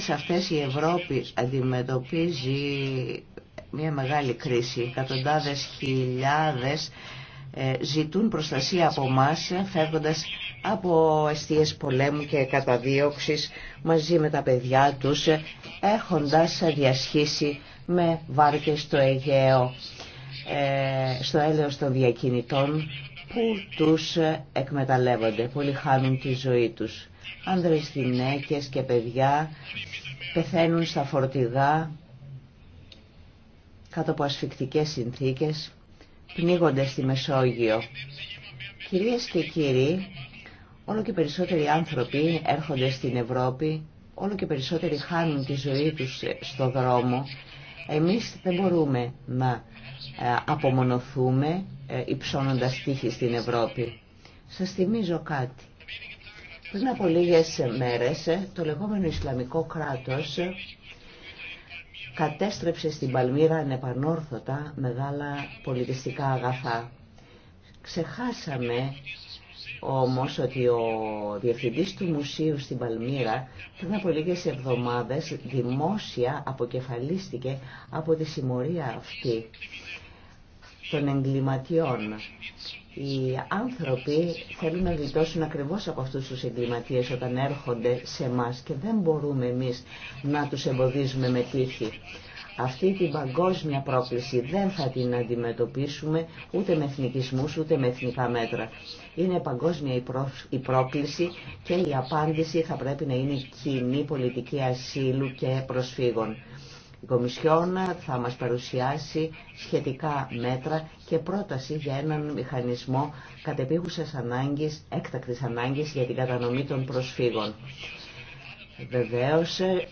σε αυτές η Ευρώπη αντιμετωπίζει μια μεγάλη κρίση. Εκατοντάδες χιλιάδες ε, ζητούν προστασία από εμά φεύγοντας από αιστείες πολέμου και καταδίωξης μαζί με τα παιδιά τους έχοντας διασχίσει με βάρκες στο Αιγαίο ε, στο έλεος των διακινητών που τους εκμεταλλεύονται. Πολλοί χάνουν τη ζωή τους άνδρες, γυναίκες και παιδιά πεθαίνουν στα φορτηγά κάτω από ασφικτικές συνθήκες, πνίγονται στη Μεσόγειο. Κυρίες και κύριοι, όλο και περισσότεροι άνθρωποι έρχονται στην Ευρώπη, όλο και περισσότεροι χάνουν τη ζωή τους στο δρόμο. Εμείς δεν μπορούμε να ε, απομονωθούμε ε, υψώνοντας τύχη στην Ευρώπη. Σας θυμίζω κάτι. Πριν από λίγες μέρες το λεγόμενο Ισλαμικό κράτος κατέστρεψε στην Παλμύρα ανεπανόρθωτα μεγάλα πολιτιστικά αγαθά. Ξεχάσαμε όμως ότι ο διευθυντής του μουσείου στην Παλμύρα πριν από λίγες εβδομάδες δημόσια αποκεφαλίστηκε από τη συμμορία αυτή των εγκληματιών οι άνθρωποι θέλουν να γλιτώσουν ακριβώς από αυτούς τους εγκληματίες όταν έρχονται σε εμά και δεν μπορούμε εμείς να τους εμποδίζουμε με τύχη. Αυτή την παγκόσμια πρόκληση δεν θα την αντιμετωπίσουμε ούτε με εθνικισμούς ούτε με εθνικά μέτρα. Είναι παγκόσμια η πρόκληση και η απάντηση θα πρέπει να είναι κοινή πολιτική ασύλου και προσφύγων. Η Κομισιόν θα μας παρουσιάσει σχετικά μέτρα και πρόταση για έναν μηχανισμό κατεπίγουσας ανάγκης, έκτακτης ανάγκης για την κατανομή των προσφύγων. Βεβαίως ε,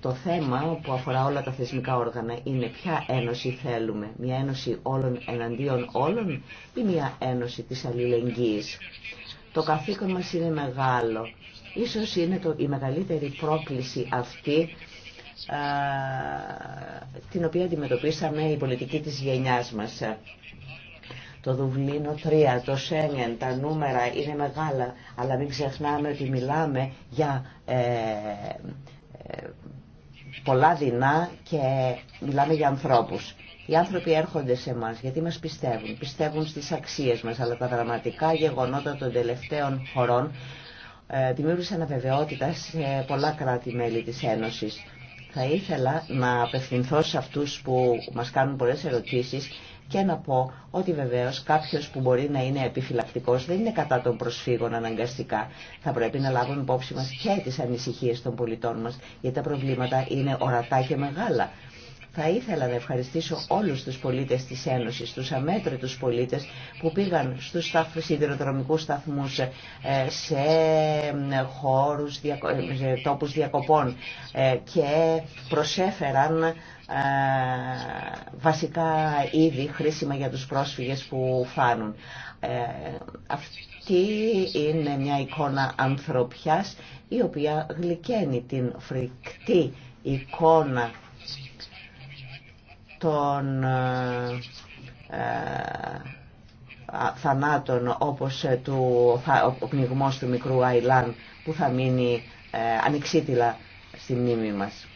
το θέμα που αφορά όλα τα θεσμικά όργανα είναι ποια ένωση θέλουμε. Μια ένωση όλων εναντίον όλων ή μια ένωση της αλληλεγγύης. Το καθήκον μας είναι μεγάλο. Ίσως είναι το, η μεγαλύτερη πρόκληση αυτή την οποία αντιμετωπίσαμε η πολιτική της γενιάς μας. Το Δουβλίνο 3, το Σέγγεν, τα νούμερα είναι μεγάλα, αλλά μην ξεχνάμε ότι μιλάμε για ε, ε, πολλά δεινά και μιλάμε για ανθρώπους. Οι άνθρωποι έρχονται σε εμά γιατί μας πιστεύουν, πιστεύουν στις αξίες μας, αλλά τα δραματικά γεγονότα των τελευταίων χωρών ε, δημιούργησαν αβεβαιότητα σε πολλά κράτη-μέλη της Ένωσης. Θα ήθελα να απευθυνθώ σε αυτούς που μας κάνουν πολλές ερωτήσεις και να πω ότι βεβαίως κάποιος που μπορεί να είναι επιφυλακτικός δεν είναι κατά των προσφύγων αναγκαστικά. Θα πρέπει να λάβουν υπόψη μας και τις ανησυχίες των πολιτών μας, γιατί τα προβλήματα είναι ορατά και μεγάλα. Θα ήθελα να ευχαριστήσω όλους τους πολίτες της Ένωσης, τους αμέτρητους πολίτες που πήγαν στους σιδηροδρομικούς σταθμούς, ε, σε χώρους, ε, σε τόπους διακοπών ε, και προσέφεραν βασικά είδη χρήσιμα για τους πρόσφυγες που φάνουν. Αυτή είναι μια εικόνα ανθρωπιάς η οποία γλυκαίνει την φρικτή εικόνα των ε, ε, θανάτων όπως ε, του, ο πνιγμός του μικρού Αϊλάν που θα μείνει ανεξίτηλα στη μνήμη μας.